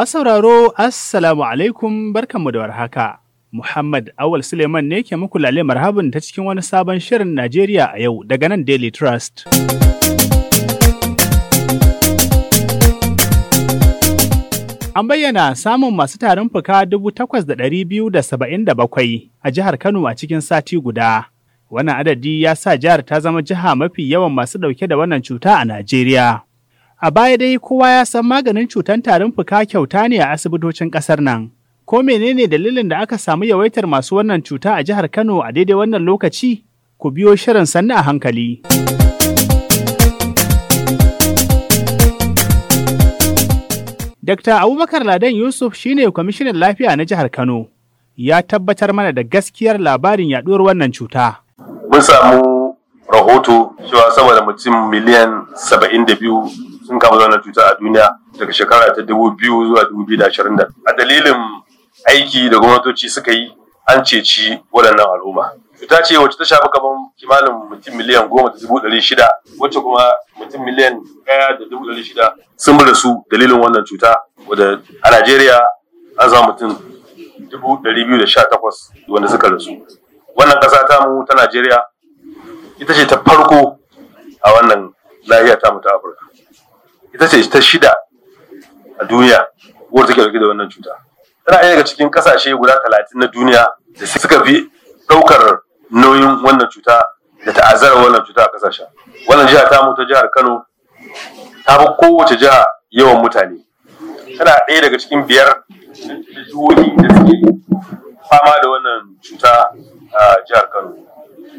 Masu sauraro, Assalamu alaikum barkanmu da warhaka. Muhammad Awal Suleiman ne ke muku lale marhabin ta cikin wani sabon shirin Najeriya a yau daga nan Daily Trust. An bayyana samun masu tarin fuka 8,277 a jihar Kano a cikin sati guda. Wannan adadi ya sa jihar ta zama jiha mafi yawan masu ɗauke da wannan cuta a Najeriya. A baya dai kowa ya san maganin cutar tarin fuka kyauta ne a asibitocin ƙasar nan. Ko menene dalilin da aka samu yawaitar masu wannan cuta a jihar Kano a daidai wannan lokaci? Ku biyo shirin sannu a hankali. Dr. Abubakar Ladan Yusuf shine kwamishinan lafiya na jihar Kano. Ya tabbatar mana da gaskiyar labarin yaduwar wannan cuta. Mun samu rahoto cewa sama da mutum miliyan 72 sun kama da wannan cuta a duniya daga shekara ta dubu biyu zuwa dubu biyu da ashirin da a dalilin aiki da gwamnatoci suka yi an ceci waɗannan al'umma cuta ce wacce ta shafi kamar kimanin mutum miliyan goma da dubu ɗari shida wacce kuma mutum miliyan ɗaya da dubu ɗari shida sun rasu dalilin wannan cuta wadda a najeriya an zama mutum dubu ɗari biyu da sha takwas wanda suka rasu wannan ƙasa ta mu ta najeriya ita ce ta farko a wannan lahiya ta mu ta afirka ita ce ta shida a duniya wadda take dauke da wannan cuta tana ɗaya daga cikin kasashe guda talatin na duniya da suka fi ɗaukar nauyin wannan cuta da ta'azzara wannan cuta a ƙasashen wannan jiha ta mutu jihar kano ta fi kowace jiha yawan mutane tana ɗaya daga cikin biyar jihohi da suke fama da wannan cuta a jihar kano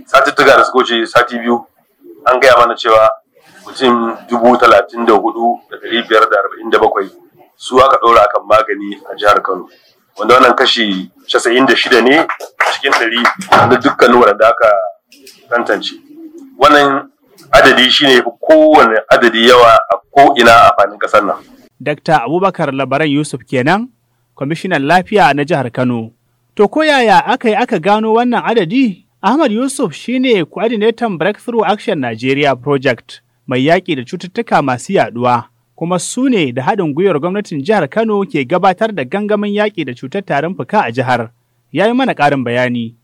Sati tuga da suka wuce sati biyu an gaya mana cewa mutum dubu talatin da hudu da dari biyar da arba'in da bakwai su aka ɗora akan magani a jihar Kano. Wanda wannan kashi casa'in da shida ne cikin ɗari da dukkanin waɗanda aka tantance. Wannan adadi shine kowane adadi yawa a ko'ina a fanin ƙasar nan. Dakta Abubakar Labaran Yusuf kenan, kwamishinan lafiya na jihar Kano. To ko yaya aka yi aka gano wannan adadi? Ahmad Yusuf shine coordinator Breakthrough Action Nigeria Project. mai yaƙi da cututtuka masu yaɗuwa, kuma su ne da haɗin gwiwar gwamnatin jihar Kano ke gabatar da gangamin yaƙi da cutar tarin fuka a jihar. Ya yi mana ƙarin bayani.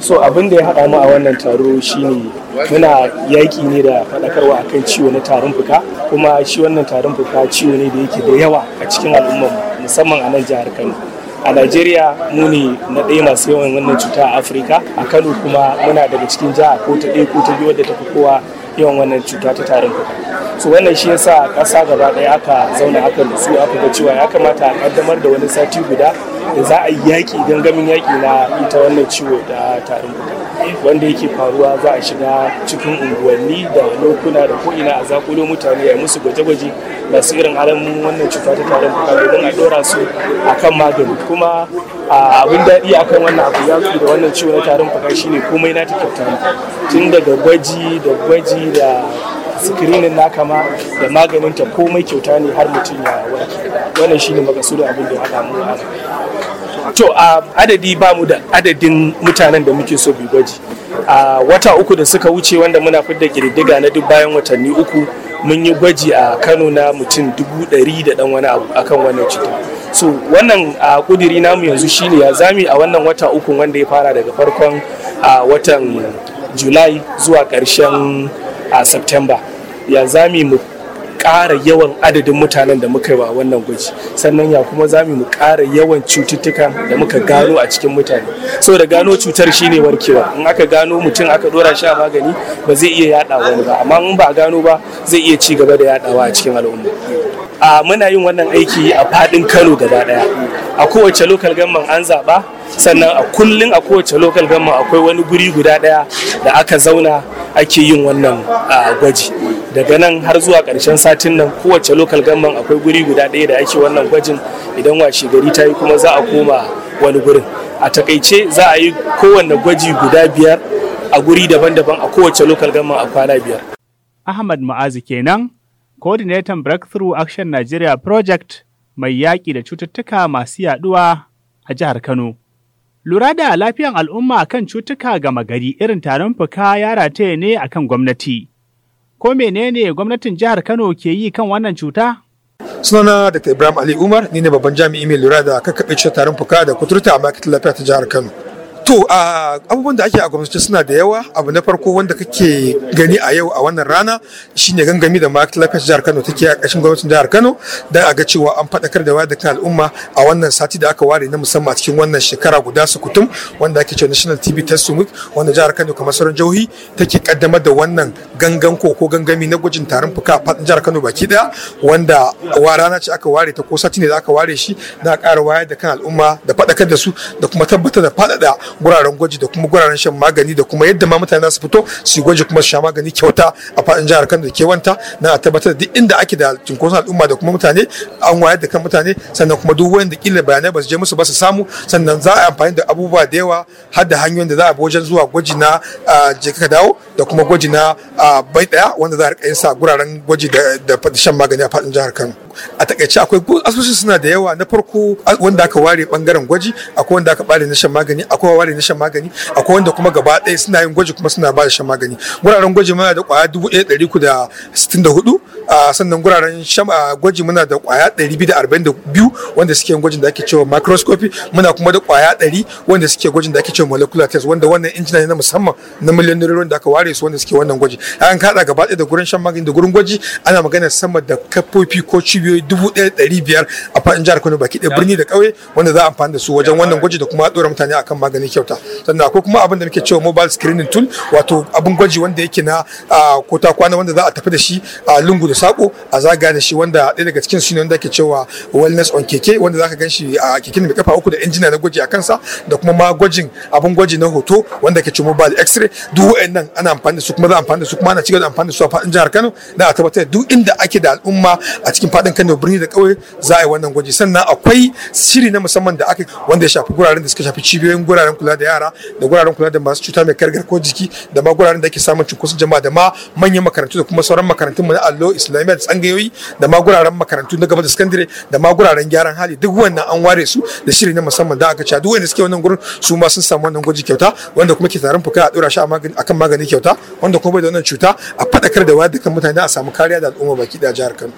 So abin da ya haɗa mu a wannan taro shine muna yaƙi ne da faɗakarwa akan ciwo na tarin fuka kuma shi wannan tarin fuka ciwo ne da yake da yawa a cikin al'ummar musamman a nan jihar Kano. a najeriya mu ne na ɗaya masu yawan wannan cuta a afirka a kano kuma muna daga cikin jiha ko ta ɗaya ko ta biyu wadda ta fi kowa yawan wannan cuta ta tarin fuka so wannan shi yasa ƙasa gaba ɗaya aka zauna aka nutsu aka ga cewa ya kamata a ƙaddamar da wani sati guda da za a yi yaƙi gangamin yaƙi na ita wannan ciwo da tarin fuka wanda yake faruwa za a shiga cikin unguwanni da lokuna da ko'ina a zakulo mutane ya musu gwaje-gwaje masu irin halin wannan cuta ta tarin fuka don a dora su akan magani kuma abin daɗi akan wannan abu ya da wannan ciwo na tarin fuka shine komai na ta kyauta tun daga gwaji da gwaji da sikirinin na kama da maganinta komai kyauta ne har mutum ya wani wannan shine makasudin abin da ya haɗa mu to a adadi ba mu da adadin mutanen da muke so bi gwaji a wata uku da suka wuce wanda muna fidda girdiga na duk bayan watanni uku mun yi gwaji a kano na mutum dubu ɗari da dan wani abu akan wannan cuta so wannan a kudiri namu yanzu shine ya zami a wannan wata uku wanda ya fara daga farkon a watan julai zuwa ƙarshen a september ya zami mu kara yawan adadin mutanen da muka yi wa wannan gwaji sannan ya kuma za mu kara yawan cututtuka da muka gano a cikin mutane saboda gano cutar shine warkewa in aka gano mutum aka dora shi a magani ba zai iya yaɗa wani ba amma in ba a gano ba zai iya ci gaba da yaɗawa a cikin al'umma a muna yin wannan aiki a faɗin kano gaba ɗaya a kowace lokal government an zaɓa sannan a kullun a kowace lokal government akwai wani guri guda ɗaya da aka zauna ake yin wannan gwaji daga nan har zuwa ƙarshen satin nan kowace lokal gamman akwai guri guda ɗaya da ake wannan gwajin idan washe gari ta yi kuma za a koma wani gurin a takaice za a yi kowanne gwaji guda biyar a guri daban-daban a kowace lokal gamman a kwana biyar ahmad ma'azi kenan coordinator breakthrough action nigeria project mai yaƙi da cututtuka masu yaɗuwa a jihar kano Lura da lafiyar al'umma kan cutuka gama gari irin tarin fuka ya rataye ne a kan gwamnati. Ko menene gwamnatin jihar Kano ke yi kan wannan cuta? Sunana Dr. Ibrahim Ali Umar, ni ne babban jami'i mai lura da kakkaɓe tarin fuka da kuturta a ma'aikatar lafiya ta jihar Kano. To abubuwan da ake a gwamnati suna da yawa abu na farko wanda kake gani a yau a wannan rana shine gangami da ma'aikatar jihar Kano take a ƙarshen gwamnatin jihar Kano da a ga cewa an faɗakar da wayar da kan al'umma a wannan sati da aka ware na musamman a cikin wannan shekara guda su kutum wanda ake cewa National TV Test Week wanda jihar Kano kamar sauran jihohi take kaddamar da wannan gangan ko ko gangami na gwajin tarin fuka a faɗin jihar Kano baki ɗaya. wanda wa rana ce aka ware ta ko sati ne da aka ware shi na ƙara wayar da kan al'umma da faɗakar da su da kuma tabbatar da faɗaɗa guraren gwaji da kuma guraren shan magani da kuma yadda ma mutane su fito su gwaji kuma su sha magani kyauta a fadin jihar Kano da wanta, na a tabbatar da duk inda ake da cinkoson al'umma da kuma mutane an wayar da kan mutane sannan kuma duk wanda kila bayanai ba su je musu ba su samu sannan za a amfani da abubuwa da yawa har da hanyoyin da za a bi wajen zuwa gwaji na je ka dawo da kuma gwaji na bai daya wanda za a rika yin sa guraren gwaji da shan magani a faɗin jihar Kano a takaice akwai asusun suna da yawa na farko wanda aka ware bangaren gwaji akwai wanda aka bare na shan magani akwai ware na shan magani akwai wanda kuma gaba ɗaya suna yin gwaji kuma suna ba da shan magani wuraren gwaji muna da kwaya dubu ɗaya ɗari da sittin da hudu sannan guraren gwaji muna da kwaya 242 wanda suke gwajin da ake cewa microscopy muna kuma da kwaya 100 wanda suke gwajin da ake cewa molecular test wanda wannan injina ne na musamman na miliyan miliyonin da aka ware su wanda suke wannan gwaji an kada gaba ɗaya da gurin shan magani da gurin gwaji ana magana sama da kafofi ko cibiyoyi dubu biyar a fadin jihar Kano baki ɗaya birni da ƙauye wanda za a amfani da su wajen wannan gwaji da kuma ɗora mutane akan magani kyauta sannan akwai kuma abin da muke cewa mobile screening tool wato abin gwaji wanda yake na kota kwana wanda za a tafi da shi a lungu da da sako a zaga da shi wanda ɗaya daga cikin sunan wanda ake cewa wellness on keke wanda zaka gan shi a keke mai kafa uku da injina na gwaji a kansa da kuma ma gwajin abun gwaji na hoto wanda ke cewa mobile x-ray duk wayannan ana amfani da su kuma za amfani da su kuma ana cigaba da amfani da su a faɗin jihar Kano da a tabbatar duk inda ake da al'umma a cikin faɗin Kano birni da ƙauye za a yi wannan gwaji sannan akwai shiri na musamman da aka wanda ya shafi guraren da suka shafi cibiyoyin guraren kula da yara da guraren kula da masu cuta mai kargar ko jiki da ma guraren da ke samun cunkoson jama'a da ma manyan makarantu da kuma sauran makarantun mu na allo islamiyya da tsangayoyi da ma guraren makarantu na gaba da sakandare da ma guraren gyaran hali duk wannan an ware su da shiri na musamman da aka ci duk wanda suke wannan gurin su ma sun samu wannan gwaji kyauta wanda kuma ke tarin fuka a dora shi akan magani kyauta wanda kuma bai da wannan cuta a faɗakar da wayar da kan mutane a samu kariya da al'umma baki da jihar Kano.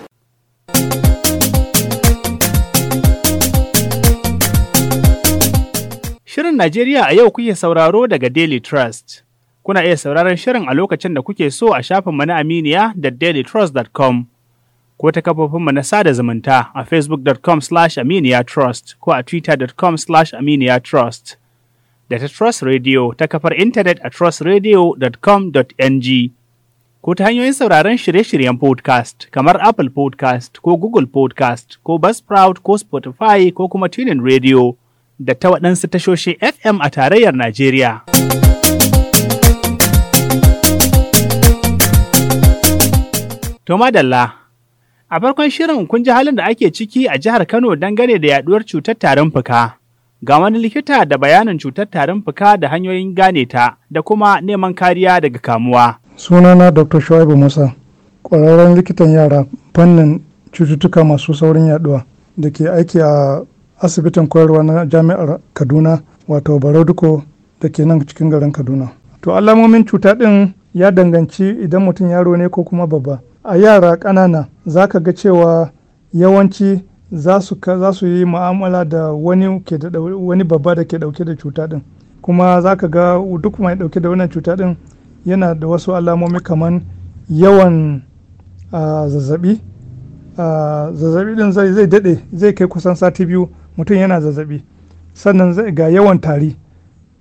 Shirin Najeriya a yau kuke sauraro daga Daily Trust. Kuna iya sauraron shirin a lokacin da kuke so a shafinmu na Aminiya da dailytrust.com ko ta kafofinmu na sada zumunta a facebook.com slash aminiya trust ko a twitter.com slash aminiya trust da ta Trust Radio ta kafar intanet a trustradio.com.ng ko ta hanyoyin sauraron shirye-shiryen podcast kamar Apple podcast ko Google podcast ko Buzzsprout ko Spotify ko kuma Tuning Radio da ta waɗansu tashoshin FM a tarayyar Najeriya. To madalla, a farkon shirin kun ji halin da ake ciki a jihar Kano dangane da yaduwar cutar tarin fuka. Ga wani likita da bayanin cutar tarin fuka da hanyoyin gane ta da kuma neman kariya daga kamuwa. Sunana Dr. Shuaibu Musa, ƙwararren likitan yara fannin cututtuka masu saurin yaduwa da ke aiki a asibitin koyarwa na jami'ar Kaduna wato barauduko da ke nan cikin garin Kaduna. To alamomin cuta ɗin ya danganci idan mutum yaro ne ko kuma babba. a yara ƙanana za ka ga cewa yawanci za su yi mu'amala da wani babba da ke ɗauke da cuta din kuma za ka ga duk mai ɗauke da wannan cuta ɗin yana da wasu alamomi kamar yawan zazzabi zazzabi ɗin zai daɗe zai kai kusan sati biyu mutum yana zazzabi sannan ga yawan tari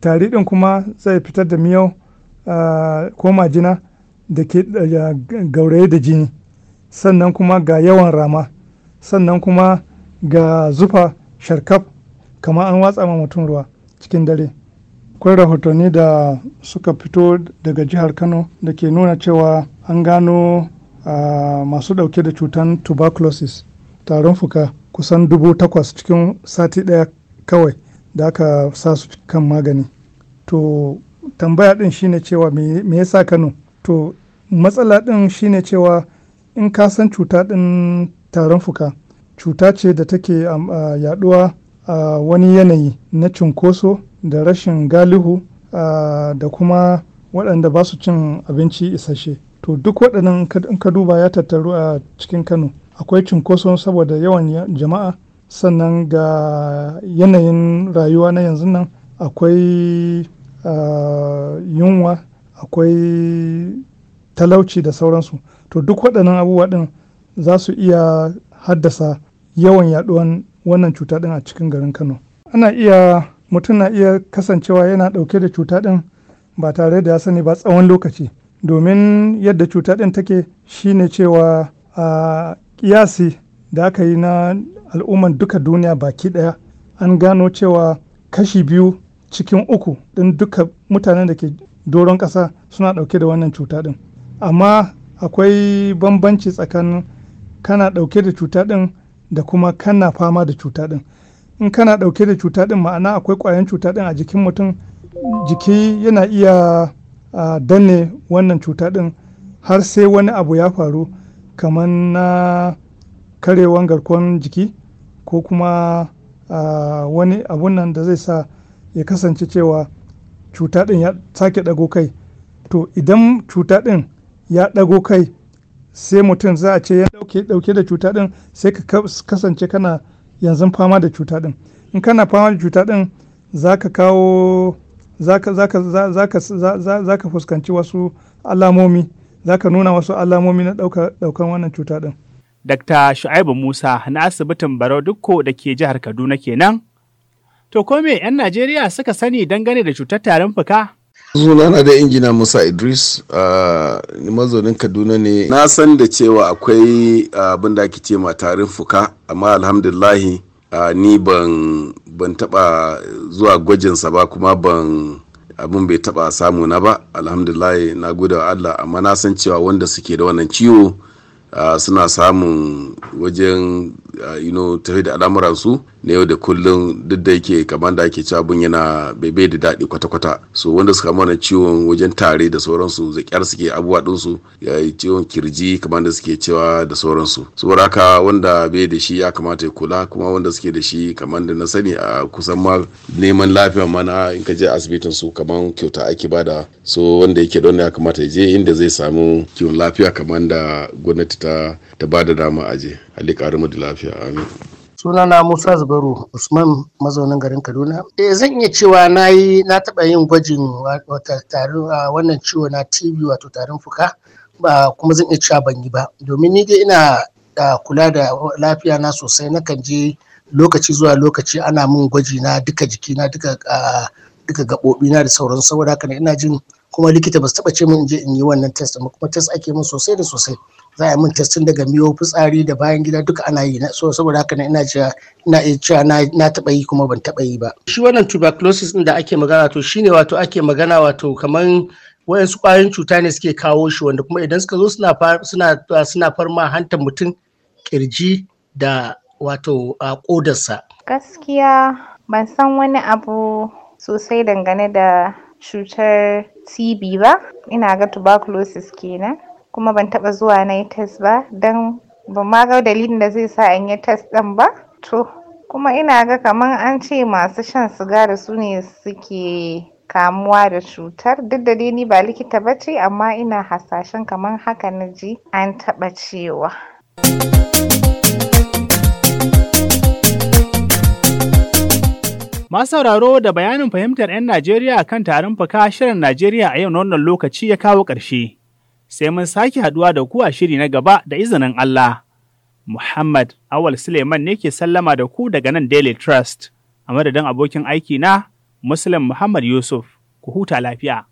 tari ɗin kuma zai fitar da miyau ko majina da ke gauraye da jini sannan kuma ga yawan rama sannan kuma ga zufa sharkaf kamar an watsa ma mutum ruwa cikin dare akwai rahotanni da suka fito daga jihar kano da ke nuna cewa an gano masu dauke da cutan tuberculosis tarin fuka kusan dubu takwas cikin sati daya kawai da aka sa su kan magani to tambaya din shine cewa me yasa kano to matsala ɗin shine cewa in ka san cuta ɗin tarin fuka cuta ce da take yaɗuwa a wani yanayi na cunkoso da rashin galihu da kuma waɗanda ba su cin abinci isasshe to duk waɗannan in ka duba ya tattaru a cikin kano akwai cunkoso saboda yawan jama'a sannan ga yanayin rayuwa na yanzu nan akwai yunwa akwai talauci da sauransu to duk waɗannan abubuwa ɗin za su iya haddasa yawan yaɗuwan wannan cuta ɗin a cikin garin kano ana iya mutum na iya kasancewa yana ɗauke da cuta ɗin ba tare da ya sani ba tsawon lokaci domin yadda cuta ɗin take shine cewa a ƙiyasi da aka yi na al'umman duka duniya baki ɗaya an gano cewa kashi biyu cikin uku ɗin duka mutanen da ke doron ƙasa suna ɗauke da wannan cuta ɗin amma akwai bambanci tsakanin kana ɗauke da cuta ɗin da kuma kana fama da cuta ɗin in kana ɗauke da cuta ɗin ma'ana akwai ƙwayan cuta ɗin a jikin mutum jiki yana iya danne wannan cuta ɗin har sai wani abu ya faru kamar na karewan garkon jiki ko kuma wani abun nan da zai sa ya kasance cewa cuta ɗin ya sake ɗago kai to idan cuta ɗin ya ɗago kai sai mutum za a ce ya ɗauke da cuta ɗin sai ka kasance kana yanzu fama da cuta ɗin in kana fama da cuta ɗin za ka fuskanci wasu alamomi za ka nuna wasu alamomi na ɗaukan wannan cuta ɗin. Dr. Shu'aibu Musa na asibitin Barau Dukko da ke jihar Kaduna kenan To ko me 'yan Najeriya suka sani dangane da cutar tarin fuka? Sunana da injina Musa Idris ni mazaunin Kaduna ne. Na san da cewa akwai abin da ake ce ma tarin fuka amma alhamdulillahi ni ban ban taba zuwa gwajinsa ba kuma ban abin bai taba samu na ba alhamdulillah na gode wa Allah amma na san cewa wanda suke da wannan ciwo suna samun wajen you know tafi da al'amuransu na yau da kullum duk da yake kamar da ake cabin yana bebe da daɗi kwata-kwata so wanda suka mana ciwon wajen tare da sauransu zakyar suke abubuwa ɗinsu ya ciwon kirji kamar da suke cewa da sauransu saboda haka wanda bai da shi ya kamata ya kula kuma wanda suke da shi kamar da na sani a kusan ma neman lafiya mana in ka je asibitin su kamar kyauta ake bada so wanda yake don ya kamata ya je inda zai samu kiwon lafiya kamar da gwamnati ta ta da dama aje je. Ali ƙaru da lafiya amin. sunana musa zubaru usman mazaunin garin kaduna eh zan iya cewa na yi na taɓa yin gwajin wata tarin wannan ciwo na tb wato tarin fuka ba kuma zan iya cewa ban yi ba domin ni dai ina da kula da lafiya na sosai na kan je lokaci zuwa lokaci ana min gwaji na duka jiki na duka duka gaɓoɓi na da sauran saboda haka ina jin kuma likita ba su taɓa ce min in je in yi wannan test kuma test ake min sosai da sosai za a mun testin daga miyo fitsari da bayan gida duka ana yi so saboda haka ina cewa iya cewa na taɓa yi kuma ban taɓa yi ba shi wannan tuberculosis ɗin da ake magana to shine wato ake magana wato kaman wayansu kwayoyin cuta ne suke kawo shi wanda kuma idan suka zo suna suna suna farma hantar mutum kirji da wato a kodarsa gaskiya ban san wani abu sosai dangane da cutar TB ba ina ga tuberculosis kenan kuma ban taɓa zuwa na yi test ba don ban ma ga dalilin da zai sa in yi test ɗin ba to kuma ina ga kamar an ce masu shan sigari su ne suke kamuwa da cutar duk da dai ni ba likita ba ce amma ina hasashen kamar haka na ji an taɓa cewa Masu sauraro da bayanin fahimtar 'yan Najeriya kan tarin fuka shirin Najeriya a yau na wannan lokaci ya kawo ƙarshe. sai mun sake haduwa da ku a shiri na gaba da izinin Allah. Muhammad Awal Suleiman ne ke sallama da ku daga nan Daily Trust, a madadin abokin aiki na Muslim Muhammad Yusuf, ku huta lafiya.